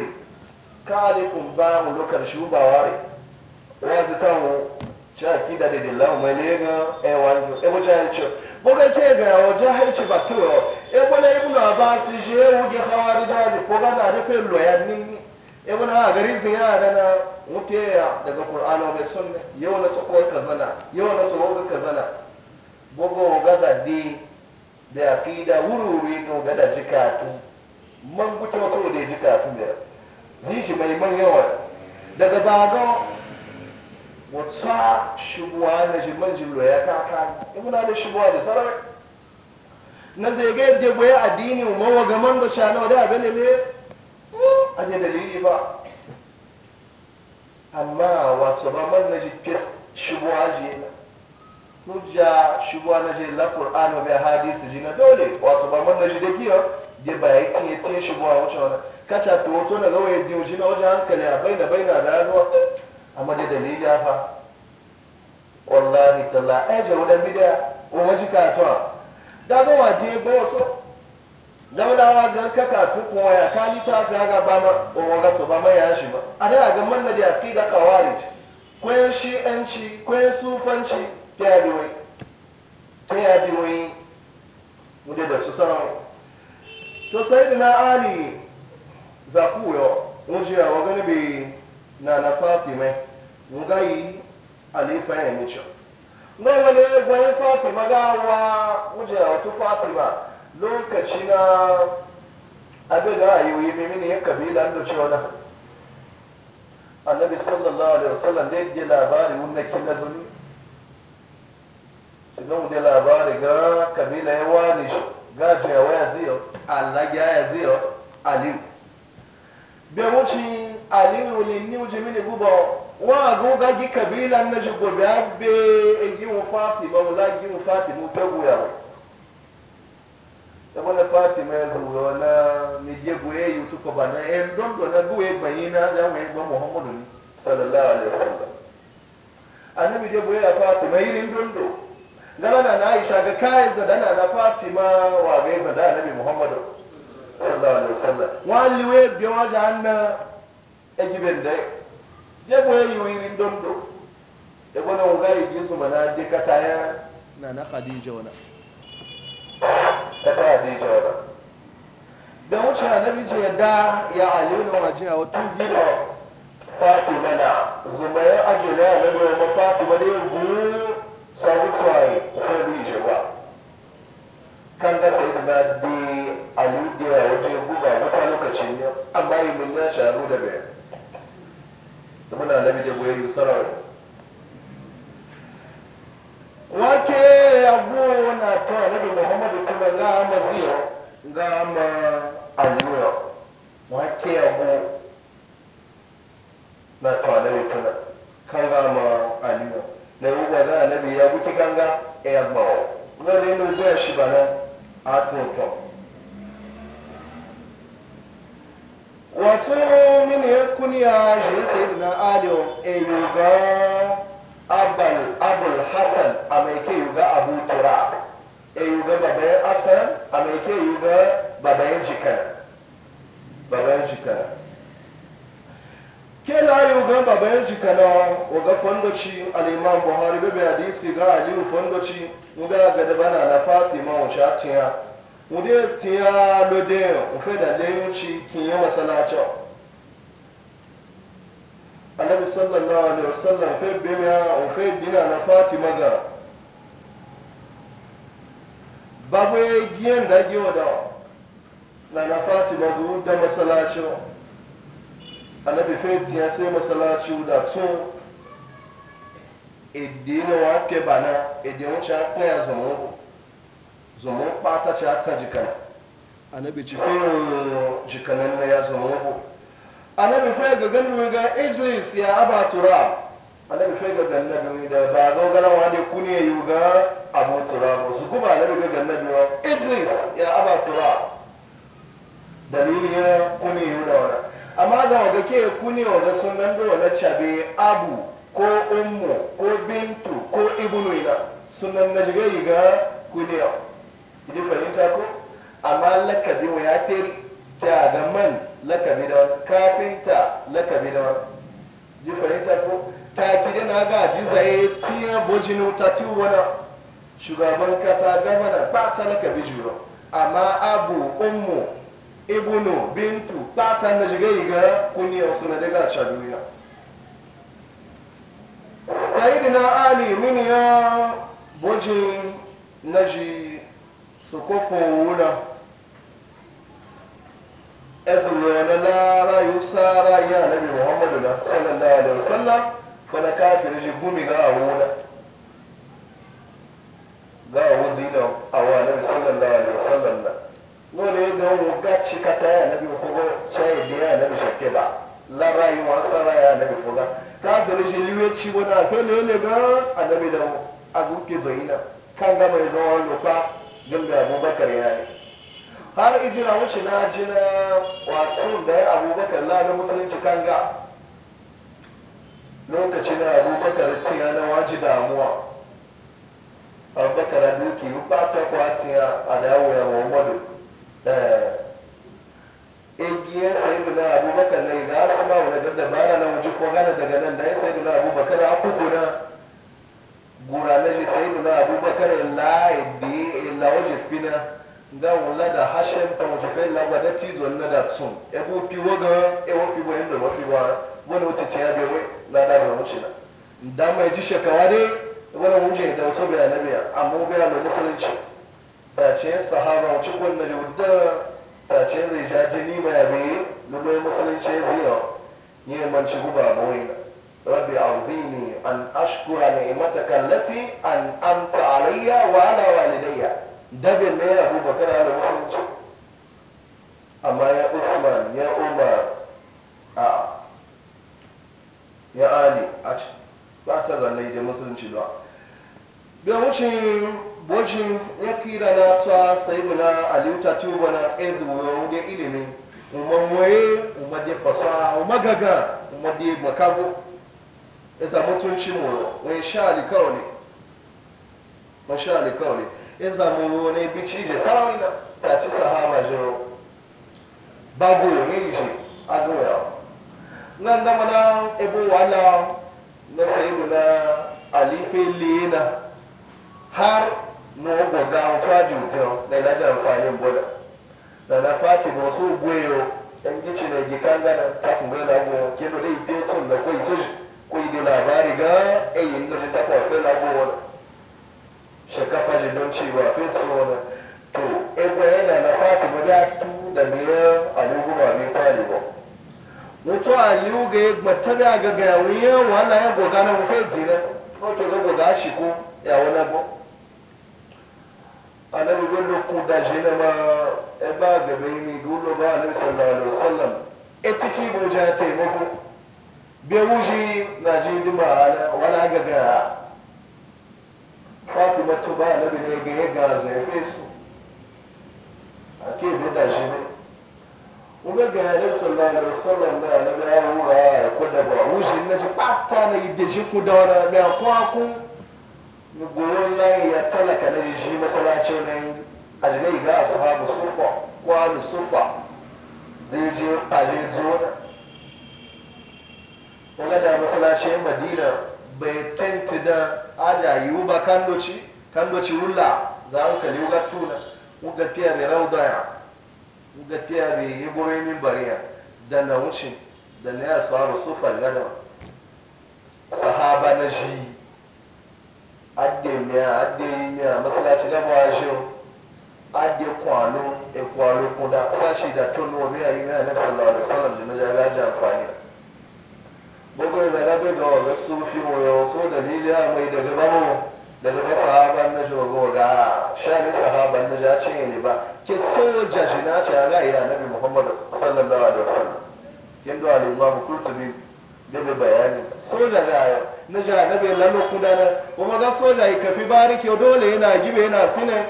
kalikum ba mu lokar shi ba ware yanzu ta mu caki da da dilla mai lega e wanjo e bo jahilci bo ga ce ga o jahilci ba to e bo na ibnu abbas je u ge khawari da ko ga da da fe lo ya ni e bo na gari sun ya da na mute ya daga qur'ani mai sunna yau na sako ka zana yau na sako ka zana bo go ga da di da aqida wururi no ga da jikatu man gute wato da jikatu mai man yawa daga bago wata shigowa na jirman jimlo ya kaka ibuna da shigowa da sarar na zai ga yadda goyi addini mawa gaman da cana da abin da ne a ne dalili ba amma wato ba man na fes shigowa je na hujja shigowa na je la qur'anu bai hadisi ji na dole wato ba man na ji da giya da bayan tiye tiye shigowa wuce wani kaca to wato na gawaye diyo ji na wajen hankali a bai da bai na da ranuwa amma da dalili fa wallahi talla ai jawo da bidiya ko waji to da ba wa je ba wato daulawa ga ka to ko ya kali ta ga ga ba ma ko ga to ba ma ya shi ba a da ga man da da aqida qawarij ko yan ci ko yan sufanci ta yabi wai ta yabi wai mu da su sarau to sai na ali zakuyo wujiya wa gani bai na na fatima ngai alifa ya nicho ngai wani gwanin fatima gawa wujen wato fatima lokaci na abin da ayoyi mimini ya kabila da cewa na annabi sallallahu alaihi wasallam da yake labarin wannan kin nazuni shigan da labari ga kabila ya wani shi gajiya waya ziyo allah ya ziyo aliyu bai wuce aliyu ne ni uje mini guba wa goga gi kabila na ji guda be e gi mu fatima wala gi mu fatima ta guya da wala fatima ya zuwa wala mi je guye yu to ko bana e don do na guye na ya we ba muhammadu sallallahu alaihi wasallam annabi je guye yi irin don do gana na aisha ga kai dana na ma wa da zadana nabi muhammadu sallallahu alaihi wasallam wali we biyo wajen ekiben da je mu yayi wirin dondo bo bana uga yi su mana je kata ya na na khadija wana kataya khadija wala da wuce a annabi je da ya ayyuna waje a wato gida fatima na zuma zumayar ajiyar ya nagwa ma fatima da yin guru sabu tsaye khadija ba kan ga sai da di aliyu da waje guba wata lokacin ne amma yi mun ya sharu da bayan da muna da goyi sarar wake abu na to nabi muhammadu kuma ga maziyo ga amma aliyo wake abu na to nabi kuma kan ga ma aliyo na yi ga na nabi ya guki kan e ya ba wani ne da shi bana a to to wato duniya shi sayyidina ali a yuga abal abul hasan a mai ke yuga abu tura e yuga babayan asan a mai ke yuga babayan jikar babayan jikar ke na yi babayan jikar o ga fondoci al buhari bebe hadisi ga aliyu fondoci muga ga da bana na fatima wa shatiya mu dai tiya lode mu fe da lemuci kin yi masalacin annabi sallallahu alaihi wasallam fe beya o fe dina na fatima ga babu ya e giyan da giyo da na na fatima zu da masalaci annabi fe tiya sai masalaci da tun edina wa ke bana edin wuce kaya zama zama ɓata ci ta jikana annabi ci fe jikanan na ya zama wabo annabi fai ga ganin ga idris ya aba tura annabi fai ga gannabi da ba zo ganin wani kuni ya yi ga abu tura ba su kuma annabi ga gannabi wa idris ya aba tura dalilin ya kuni ya da wani amma ga waga ke kuni waga sunan da wani cabe abu ko ummu ko bintu ko ibnu ina sunan na jiga yi ga kuni ya idi fahimta ko amma lakabi wa ya fi ga man lakami kafinta lakami da ji fahimta ko na ga jizaye tiya bojinu ta wani shugaban kasa gamana ba ta lakabi juro amma abu ummu ibnu bintu ba ta na shiga yi ga kuniyar suna daga a duniya dina ali mini ya bojin na ji su kofo wula ẹsùn yẹn ní lára yóò sára yẹn muhammadu na sallallahu alaihi wasallam fana káfíìrì ṣe gúnmi ga àwọn wọn ga àwọn dina sallallahu alaihi wasallam wọn lè gan wọn gàchi kata yẹn ànábì fọwọ́ ṣáyé dín yẹn ànábì ṣèké bá lára yìí wọn sára yẹn ànábì fọwọ́ káfíìrì ṣe liwe tsi wọn náà fẹ́ lè lè gan ànábì dàwọn agùnkè zọyìn náà kanga mai zama lupa gẹ́gẹ́ abubakar yẹn. har iji wuce na ji na wasu da ya abubakar lada musulunci kan ga lokaci na abubakar tiya na waji damuwa abubakar a duki ba ta tiya a dawo ya muhammadu igiyar eh, sayidu na abubakar na iga su ba wani gadda bara na waje ko gana daga nan da ya sayidu na abubakar a kukuna gura na shi sayidu na abubakar illa waje fina da wula da hashen ta wata fai lawa da tizon na da sun ebo fi waga ewo fi ba, da mafi wa wani wuce ce ya bai wai lada da wuce na da mai ji shekawa ne wani wuce da wasu bai na biya amma bai na musulunci ta ce sahaba wuce ko na yudda ta ce zai ja jini bai na lumai musulunci ya biya ya manci guba ba wai rabbi auzini an ashkura ni'mataka allati an amta alayya wa ala walidayya dabin ne ya abubakar ya da mutunci amma ya usman ya umar a ya ali a ba ta zallai da musulunci ba bai wucin bojin ya kira na ta sai muna aliuta tuba na ezuwa da ilimi umar moye umar da fasaha umar makabo ya da makago mutunci mu wani sha alikawali masha alikawali ya zamu wani bici da sawi na ta ci sahaba jo babu ya ne shi a doya nan da mana ebo wala na sayidu na alife lena har na ogwaga fajin jan na ilajen amfanin bola da na fati na wasu gweyo yan gici na gikan gana ta kuma yana gwa kelo da ibe tun da kwai tuji kwai da labari ga ayin na ta kwafe lagowa shakafa limanci ba fe tsona to ego yana na fatima da tu da miya ba mai kwali ba mutu a liu ga ya gbata da ga gawiya wala ya goga na mafi jina wato ga goga shi ko ya wani ba a nan da ku da jina ma e ba ga yi mai gulo ba a nan sallallahu alaihi wasallam e tafi boja taimako bai wuji na ji dima wala ga gaya taki na tuba ya bi ne ga ya gazu ya fi su a ke bi da shi ne kuma ga ya nabi sallallahu alaihi wasallam da ya nabi ya huwa ya kuda ba wuce na ji pata na yi shi ku da wani mai ku ni goyon lai ya talaka na shi masalaci na yi a jirai ga su ha musufa kwanu sufa zai je a zai zo da. Wala da masalacin Madina bai tenti da aja wu ba kandoci kandoci wula za a hankali wuga tuna wuga tiya mai raudaya wuga tiya mai yi goyi min bariya da na wuce da na ya tsaro su fallada sahaba na shi adde miya adde yi miya masalaci gaba a shi adde kwano e kwano kuda sashi da wa, miya yi miya na sallallahu alaihi wasallam da na jagaji amfani bugu da rabe ga waga sufi wayo so dalili ya mai daga bamu daga ba sahaban na jogo ga shani sahaban na ja ce ne ba ke soja jina ce ga ya nabi muhammad sallallahu alaihi wasallam kin do al-imam qurtubi da bai bayani soja da ya na ja nabi lamu kudana kuma ga soja ya kafi barike dole yana gibe yana fine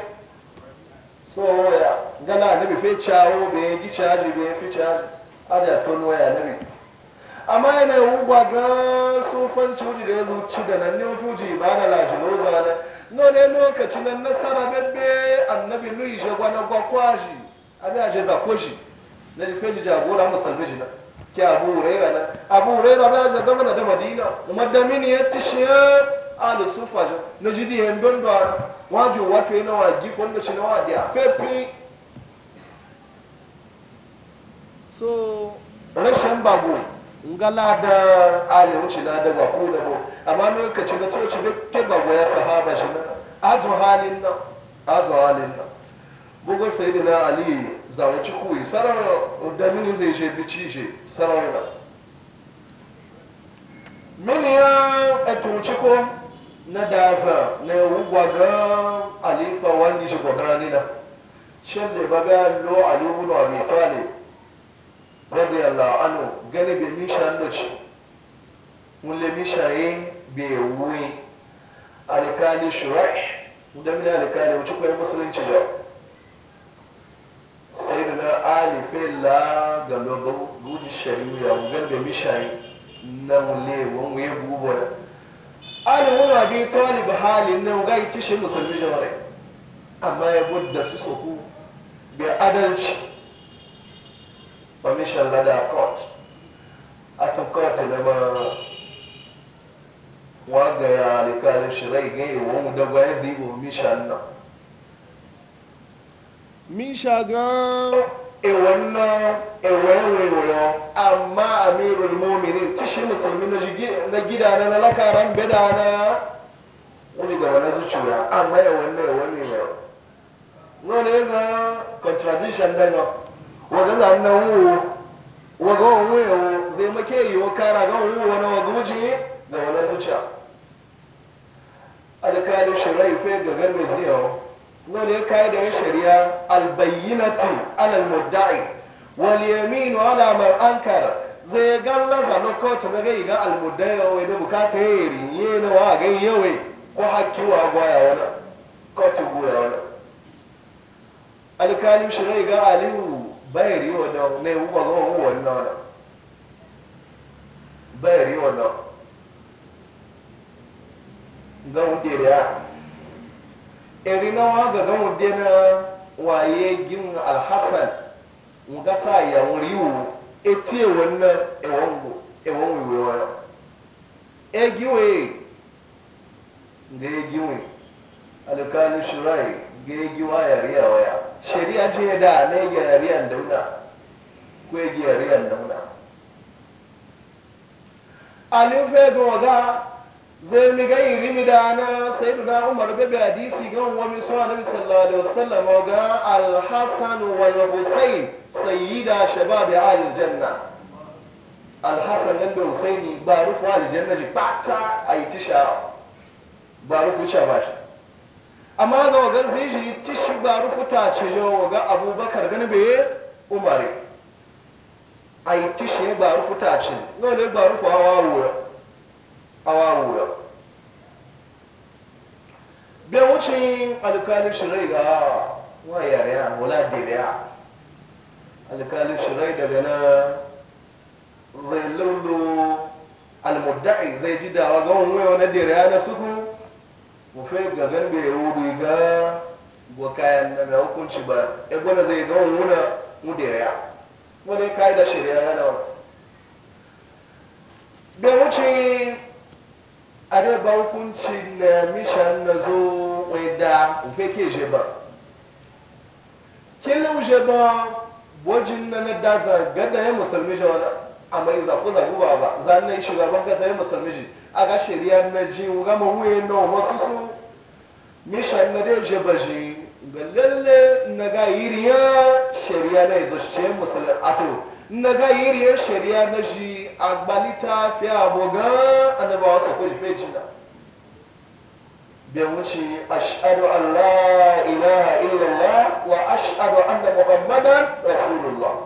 so ya gala nabi fe chawo be gi chaji be fi chaji ada ton waya nabi amma yana yin gwaga sofan shuri da ya zuci da nan yin fuji ba na lashi loza na nole lokaci nan nasara bebe annabi lui shagwa gwana gwakwashi abin a shi zako shi na yi feji jagora musamman shi na ke abu huraira na abu huraira ba ya gama da madina madamin ya ci shi ya alu sufa shi na ji di hen don da wajen wato yana wa gifon da shi na wa diya fefe so rashin babu ngala da ali wuce da da bako da bo amma lokacin da tsoci da ke babu ya sahaba shi na azu halin nan azu halin nan bugun sai da na ali zamu ci kuyi sarar da mini zai je bici je sarar na mini ya etuci ko na daza na wugwa ga alifa wani shi gwagrani na shan da baga lo alibu na mai talib radiyallahu anhu gani bai misha da shi mulle misha yi bai wuyi alkali shura'i da mini alkali wuce kwaye musulunci da sai da na alife la ga lobo gudu shari'a gani bai misha yi na mulle wani ya gubo na alimun abi talib halin na ga yi tishin musulmi jama'a amma ya budda su soku bai adalci permission ladder court atu court da ba waga ya alikali shirai ga yi wani da ba ya misha nan misha e ewan nan ewan wewayo amma amirul mominin ci shi musulmi na gidana na lakaran beda na wani gaba na zuciya amma ewan nan ewan wewayo wani ga contradiction dana waga zan na wuwo waga wo yo zai make yi wa kara ga wuwo na waga wuce da wani zuciya alkali shirai fe ga ganna ziyo da ya kai da shari'a albayyinatu alal mudda'i wal yaminu ala man ankar zai galla na kotu na gai ga al mudda'i wa da bukata ya yi na wa gai yawai ko hakki wa gwaya wani kotu goya wani alkali shirai ga alihu bayiri ọ̀nà ní ewúgbọ̀n kó owó wọ̀ nínú ọ̀nà na. ọ̀nà a èrì náà wọn ga gánwó dé náà wà yé gímù alhassan nga sa àyàwó rí wò etí èwọ̀ nínú ẹ̀wọ̀n wò ẹ̀wọ̀n wò ìwé wọn egiwe nga egiwe alikali shirai ga ya yàrá yàrá ya shari'a ce da ne ga yariyan dauna ko ya ga dauna a nufe doga zai mi ga rimi da na sai da umar bebe disi ga wani so annabi sallallahu alaihi wasallam ga al-hasan wal husayn da shabab da janna Alhassan nan da husaini ba rufu al ba ta a yi tisha ba rufu cha ba shi amma ga waga zai ti shi ba rukuta ce yau waga abubakar gani bai umare a yi ti shi ba rukuta ce no ne ba rufu hawa wuya hawa wuya bai wuce alkalin shirai ga wa yare ya wala da biya alkalin shirai daga na zai lullu almuddai zai ji dawa ga wani wani da na suku mufe gaban da ya wuri ga gwa kayan nan da hukunci ba ya e gwada zai ga wuna ya wani kayi da shirya ya wa bai wuce a dai ba hukunci na mishan na zo mai da mufe ke je ba kilin je ba wajen na na daza gada ya musulmi jawana a mai zaku zaku ba ba zan shugaban kasa ya musulmi shi a ga shirya na ji ga mahuye na wasu su mishan na dai je baji ga lalle na ga iriya shirya na yanzu ce musulmi to na ga iriya shirya na ji a balita fi aboga annabawa su kuli feji na bin wuce ashadu allah ilaha illallah wa ashadu anna muhammadan rasulullah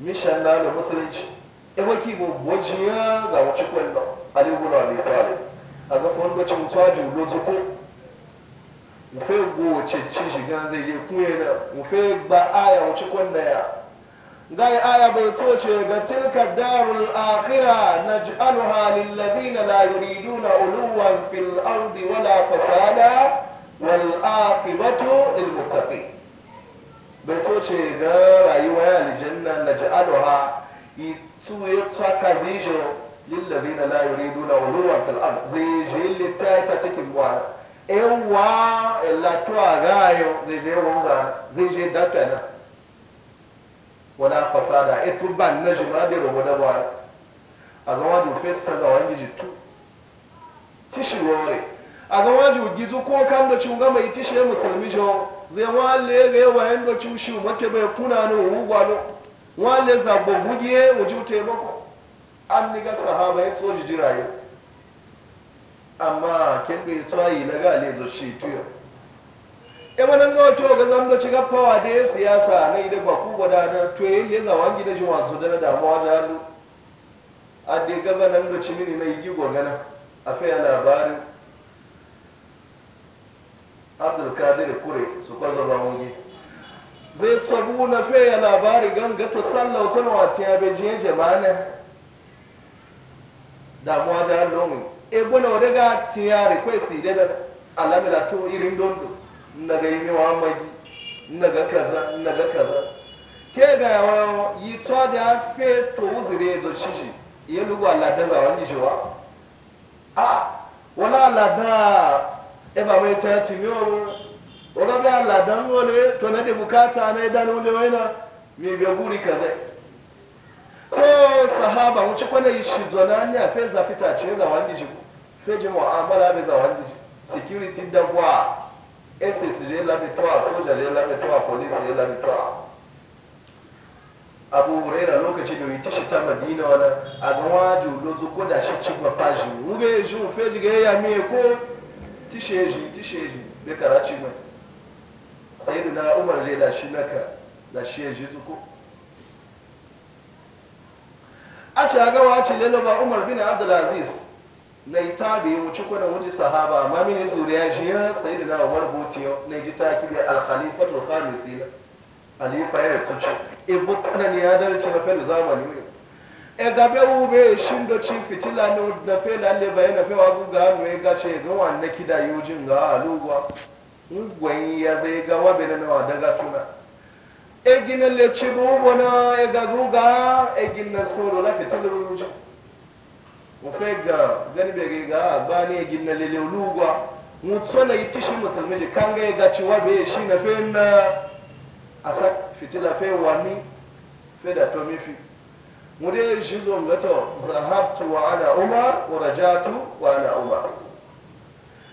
mishana da musulunci ebe ki bo bojiya ga wuce kwallo ali gura ne tare a ga kwallo cin tsaji lozo ko mu fe go cece shiga zai je kuye na mu fe ba aya wuce kwallo ya gai aya bai toce ga tilka darul akhira naj'aluha lil ladina la yuriduna uluwan fil ardi wala fasada wal aqibatu lil muttaqin bai so ce ga rayuwa ya aljanna na ja'aluha su ya tsaka zijo lillazina la yuriduna uluwan fil ard zije litata cikin wa ewa elatuwa gayo zije wanda zije datana wala fasada etu ban na jima de rogo da buwa a ga wani fesa ga wani jitu tishi wore a ga wani gizu ko kan da cunga mai yi tishe musulmi jo zai wale ga yawa yan dokin shi mace bai kuna ne wuru gwado wale zabo gudiye wuju taimako an ni ga sahaba ya tsoji jiraye amma kin bai tsayi na ga ne zo shi tuyo e wannan ga wato ga zan da shiga fawa da ya siyasa na ida ba ku gwada na to yin ya zawan gida shi wato da damuwa da hannu a dai gabanan da cimini na yi gigo gana a fiye labarin abdulkadir kure su kwazo ba wuni zai tsabu na feya labari gan gato wata na wata ya bai jiye jamana damuwa da hannun e bula wadda ga tiya request ne da alamila to irin dondo na ga yi mewa magi na ga kaza na ga kaza ke ga yi tsawa da ya fe to ya zoci shi iya lugu aladan ga wani wa. a wani aladan e ba mai ta ci yo wani da Allah dan wani to na da bukata na dan wani waina mai bai guri zai so sahaba mu ci kwana shi zona ne fe zafi ta ce za wani shi fe je mu'amala bai za wani shi security da gwa SS je lami bi soja je lami bi police je lami bi abu huraira lokaci da wuce shi ta madina wani a gawa waju lozu ko da shi ci ba fashi wuge shi mu feji ga ya miye ko tishe shi tishe shi da karaci mai sai da umar zai da shi naka da shi ya ji zuko a ce a gawa ce ba umar bin abdulaziz na yi tabi ya wuce kwanan wuce sahaba ma mini zuriya shi ya sai da na umar yau na ji ta kibe alkhalifatul khamisi khalifa ya tuce ibu tsanani ya na fadu zamani mai egabe ube shin do ci fitila ne da fe lalle bai na fe wa guga no e ga ce ga wannan kida yujin ga alugwa ngwen ya zai ga wa bena na daga tuna e gina le ci bubo na e ga guga e gina solo la fitila yujin wa fe ga gani be ga ba ne gina le le lugwa mutso na yi shi musulmi ji kan ga ga ci wa be shi na fe na asa fitila fe wani fe da to mi fi mure shi zo gato zahabtu wa ana umar wa rajatu wa ana umar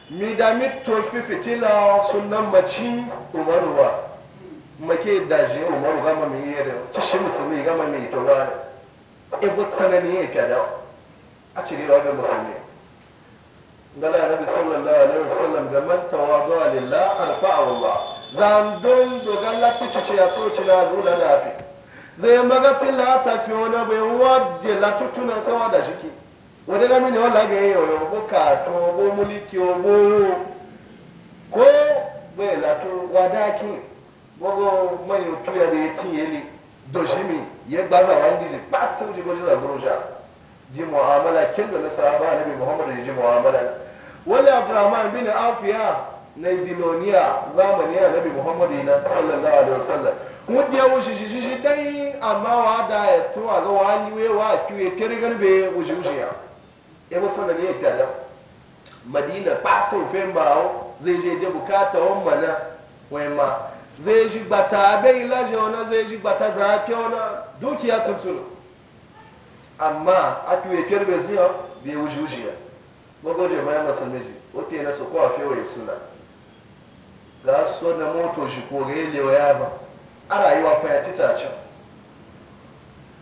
mi da mi fi fitila sunan maci umaru ba make da je umaru gama mi yi da ci shi musulmi gama mi to ba e bot sanani e kada a ci ne wa musulmi ngala nabi sallallahu alaihi wasallam ga man tawadu lillah arfa'u allah zan don dogan latti ci ya to ci na dula na fi zai magati la tafiona bai wadde la sai sawa da shiki wadda ga mini wala ga yayo yo ko ka to go muliki o go ko bai la to wadaki bogo mai tuya da yati yeli doshimi ya gbaza wani je patu ji go da buruja ji mu'amala kin da sahaba muhammadu muhammad ji mu'amala wala abdurrahman bin afiya na ibiloniya zamani muhammadu muhammad sallallahu alaihi wasallam wudi ya wuce shi shi dai amma wa da ya to a ga wani we wa ki we kere garbe wuce wuce ya ya mutu da ne ta da madina pastor fe mbawo zai je da bukata wan mana wai ma zai ji bata bai laje ona zai ji bata za ke ona dukiya tuntun amma a ki we kere be ziyo be wuce wuce ya magoje mai musulmi ji wote na so ko a fewa suna ga so na moto shi ko ga yelewa ya ba a rayuwa fa ya tita can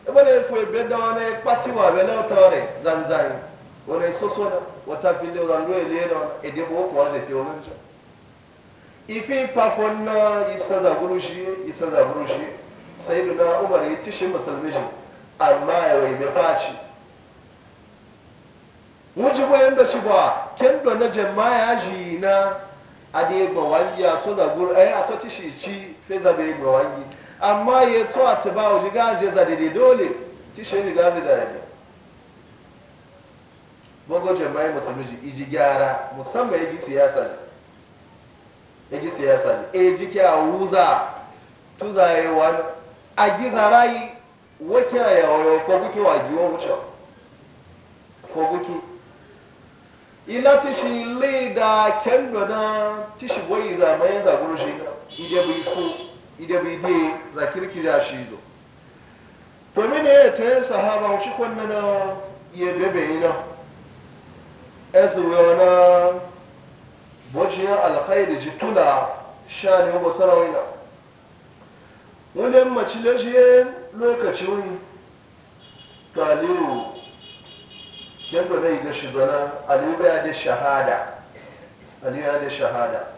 ibn elfu ya bɛ dama ne kpati wa bɛ lɛw tɔɔre zanzan wani soso na wata fili wa ndo ye lee dɔn edi bo kɔrɔ de fi o man ca ifi pafon na isa zaburu shi isa zaburu shi sayidu na umar ya tishi musulmi shi amma ya wai bai faci wujibu yadda shi ba kendo na jemma ya ji na eh, a da ya bawa ya to zaburu a yi a to tishi ci sai zabe ga wangi amma ya tso a tuba wa jiga je za daidai dole ti shi riga zai da yadda bugu jama'i musulmi iji gyara musamman ya gi siyasa ne ya gi siyasa ne e ji kya wuza tuza ya yi wani a gi zarayi wakiya ya wayo ko guki wa giwo wuce ko guki ila tishi leda kendo na tishi boyi zamayin zaguru shi na ide bai ifu ide bai ide za kirki da shi zo to ne ya to sahaba wuce kwanna na ya bebe ina ezu yana bojiyar alkhairi ji tula shani wa sarawina wani mace lashe lokacin taliru yadda zai ga shugana aliyu ya da shahada aliyu ya da shahada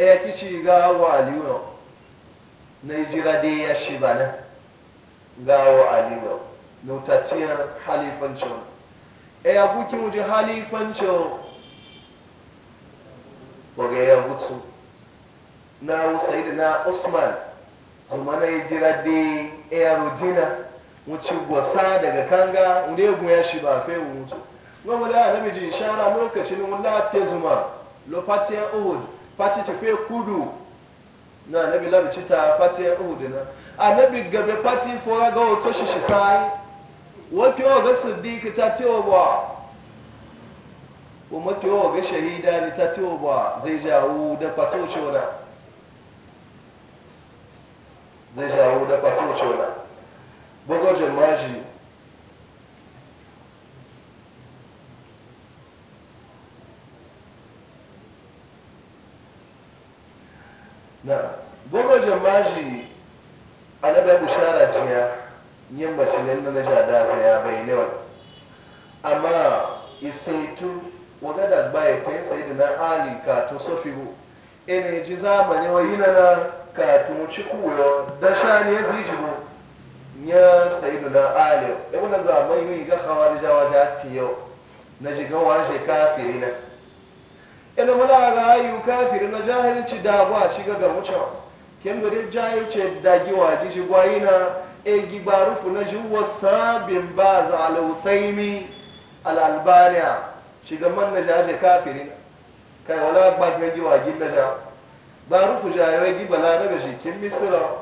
e kici ga wa aliyu na jira dai ya shi bana ga wa aliyu nautaciyar halifancin e ya buki wuce halifancin waga ya gutu na usaid na usman kuma na jira dai ya rodina wuce gwasa daga kanga wanda ya guya shi ba fe wuce gwamnati na namiji shara lokacin wula fiye zuma lofatiyar uhud fati ti fe kudu na nabi labi ci ta fati ya uhudu na a nabi gabe fati fora ga wato shi shi sai wato wa ga siddiq ta ce wa ba kuma ke wa ga shahida ni ta ce wa ba zai jawo da fato ce wa zai jawo da fato ce wa bugo jama'i na gwamnatin maji a na da bishara ciya yin bashinin na na jada ta ya bayyana wani amma isaitu wadda da baya kai tsaye da na ali kato sofi bu ina ji zamani wa yi na na kato kuwa da sha ne ziji bu ya sayi da na ali wadda zamani yi ga hawa da jawa da yau na jigan wani shekafiri ina muna ga ayu kafir na jahilci da ba ci ga wuce kin da dai jahilci da giwa ji shi gwayina e gibaru fu na jiwa sabin ba za alautaimi al albania ci ga man na jaje kafirin kai wala ba ga giwa gin da ja barufu fu jaye gi bala daga shi kin misira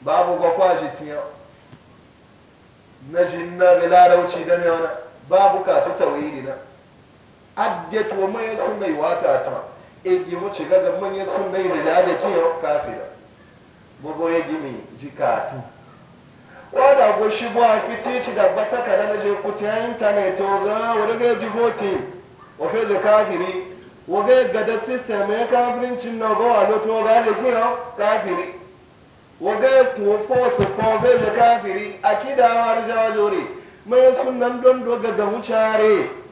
babu gwakwa shi tiya na jinna da larauci da ne wani babu katu tawhidi na addet wa mai sun mai wata ta e gi mu ci gaga manye sun mai da da ke yau kafira bugo ya gimi jikatu wada go shi bo a fiti ci da bata kada na je ku ta internet o ga wada ga ji voti o fe da kafiri o ga ga da sistem ya kafirin cin na go a loto ga da ke yau kafiri o ga ku force ko ga da kafiri akida warja jore mai sunan don doga ga hucare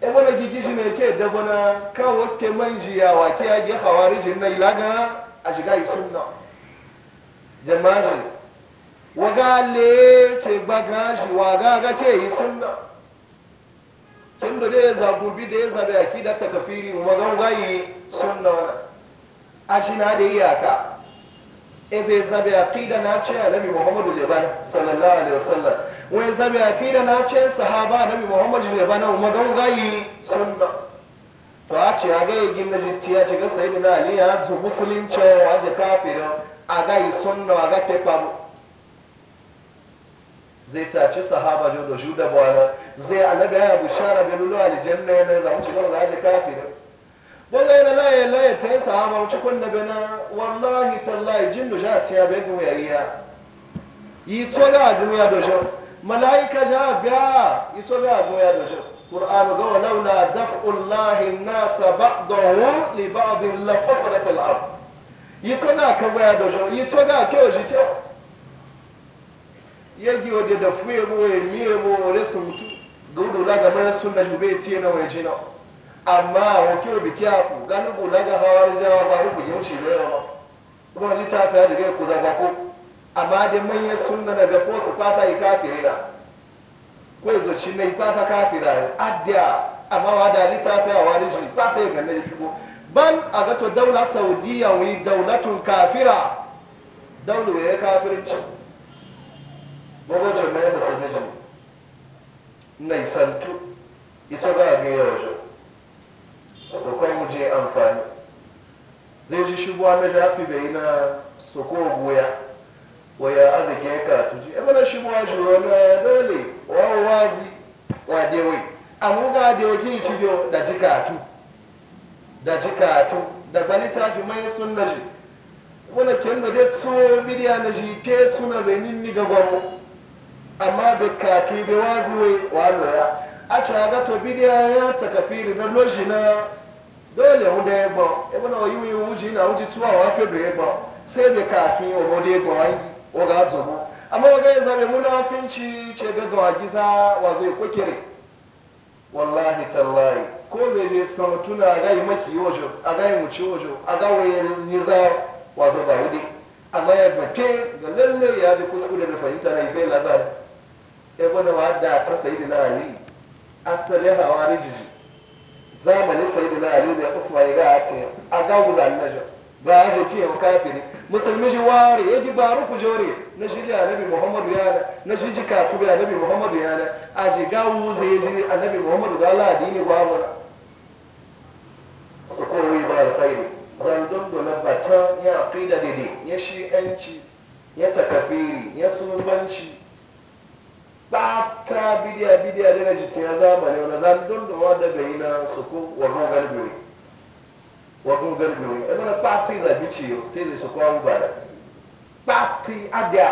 ebo na kiki shi ne ke dabo na kan wake man shi ya wake ya ge hawari shi na ilaga a shiga yi sunna jama'a waga le ce gbaga shi waga ga ce yi sunna kin da dai zabu bi da ya zabe akida ta kafiri mu magan gayi sunna a shi na da iyaka eze zabe akida na ce annabi muhammadu jabal sallallahu alaihi wasallam Wai zabi a fi da na ce sahaba nabi muhammadu ne ba na umaru gayi sunna to a ce a gaya gina ya ce ga sayi na ali ya zo musulunci wa da kafin a gayi sunna a gafe babu zai tace sahaba jo da shuda bwana zai annabi ya bushara bi lulu aljanna yana za a ci gaba da kafirin wanda yana laye laye ta yi sahaba wuce kunna bana wallahi tallahi jin da dusha tiya bai gumiyariya yi tsoga a duniya dusha malaika ja ga ito ga goya da shi qur'anu ga laula daf'ullahi an-nasa ba'dahum li ba'd la fasadat al-ard ito na ka goya da shi ito ga ke shi te yegi ode da fuye bo e miye bo re sumtu gudu ga man sunna jube tie na wa e jina amma wa ke bi kiya ku ganu bu la ta daga ku ba ko amma dai manyan sunna na gafo su fata yi kafirina ko yanzu shi na yi fata kafira adiya amma wa da littafi a wani shi fata yi ganin fiko. ban a gato daula saudiya wani daulatun kafira daulu ya kafirci na mai masu ji na isantu ita ba a gaya wajen su kwan mu je amfani zai ji shigo na jafi bai na su goya waya ya ka ji? ya eh, mana shi mu aji wala dole wa wazi wa dewe amu ga dewe ki ci do da jikatu da jikatu da gani ta fi mai da ji wani ken da da tso bidiya na ji ke suna zai ni ga gwamo amma da kafi da wazi wai wa lura a ci ga to bidiya ya ta da na loji na dole mu da yabo e eh, bana wayi wuji na wuji tuwa wa da ya yabo sai da kafi wa mu da yabo oga ga zuhu amma o ya zame munafinci ce ga gawa giza wa zai kokere wallahi tallahi ko zai je sama tuna a gayi maki yojo a gayi wuce yojo a gawaye niza wa zo ba hudu amma ya bake ga lalle ya ji kuskure da fahimta na bai lazar ya gwada wa da ta sayi na ali asalin hawa rijiji zamanin sayi na ali da usman ya ga a ce a gawo na najar Ba ya da kiyan kafiri musulmi ji ware ya ji baru ku jore na shi ji annabi muhammadu yana na shi ji kafu ya annabi muhammadu yana a shi gawu zai ji annabi muhammadu da Allah addini ba mu su ko wi ba alkhairi zan dunduna batun ya aqida dede ya shi shi'anci ya takafiri ya sunubanci ba ta bidiya bidiya da na jitin ya zamani wani zan dunduna da bai na su ko wannan galibiyar wato garbi e mana patti da bici sai da su kwa ubara patti adia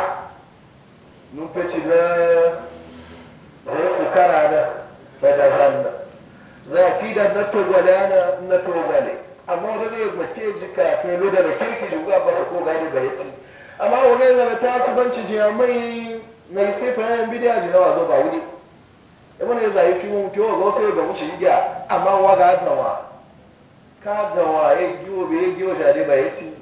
nun peci da rufu kana da fada zanna za ki da na to gwada na na to gwale amma wani ne mace ji kafin loda da kirki juga ba su ko gani ba yaci amma wani zama ta su banci jiya mai na yi sai fayayen bidiya ji na wazo ba wuni e mana ya zai fi mun kyau ga wasu ga wuce yi amma wa ga adnawa ka ga ya giwo bai ya giwo shade ba ya ci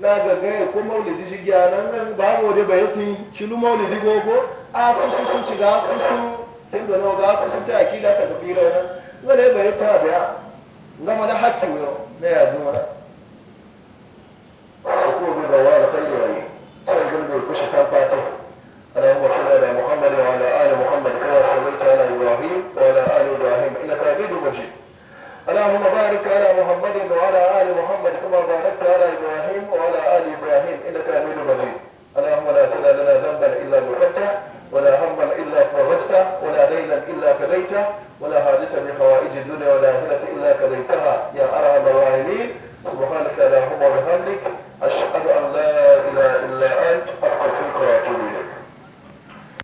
na ga ya ko maulidi shi giya nan nan ba ga wade ba ya ci cilu maulidi gogo a susu sun ci ga susu tun da da ga susu ta ta akida ta kafira nan ngale ba ya ci biya ngama da haƙƙi wuyo na ya zuwa ko bai da wa alkhairi sai gurbe kushi ta fata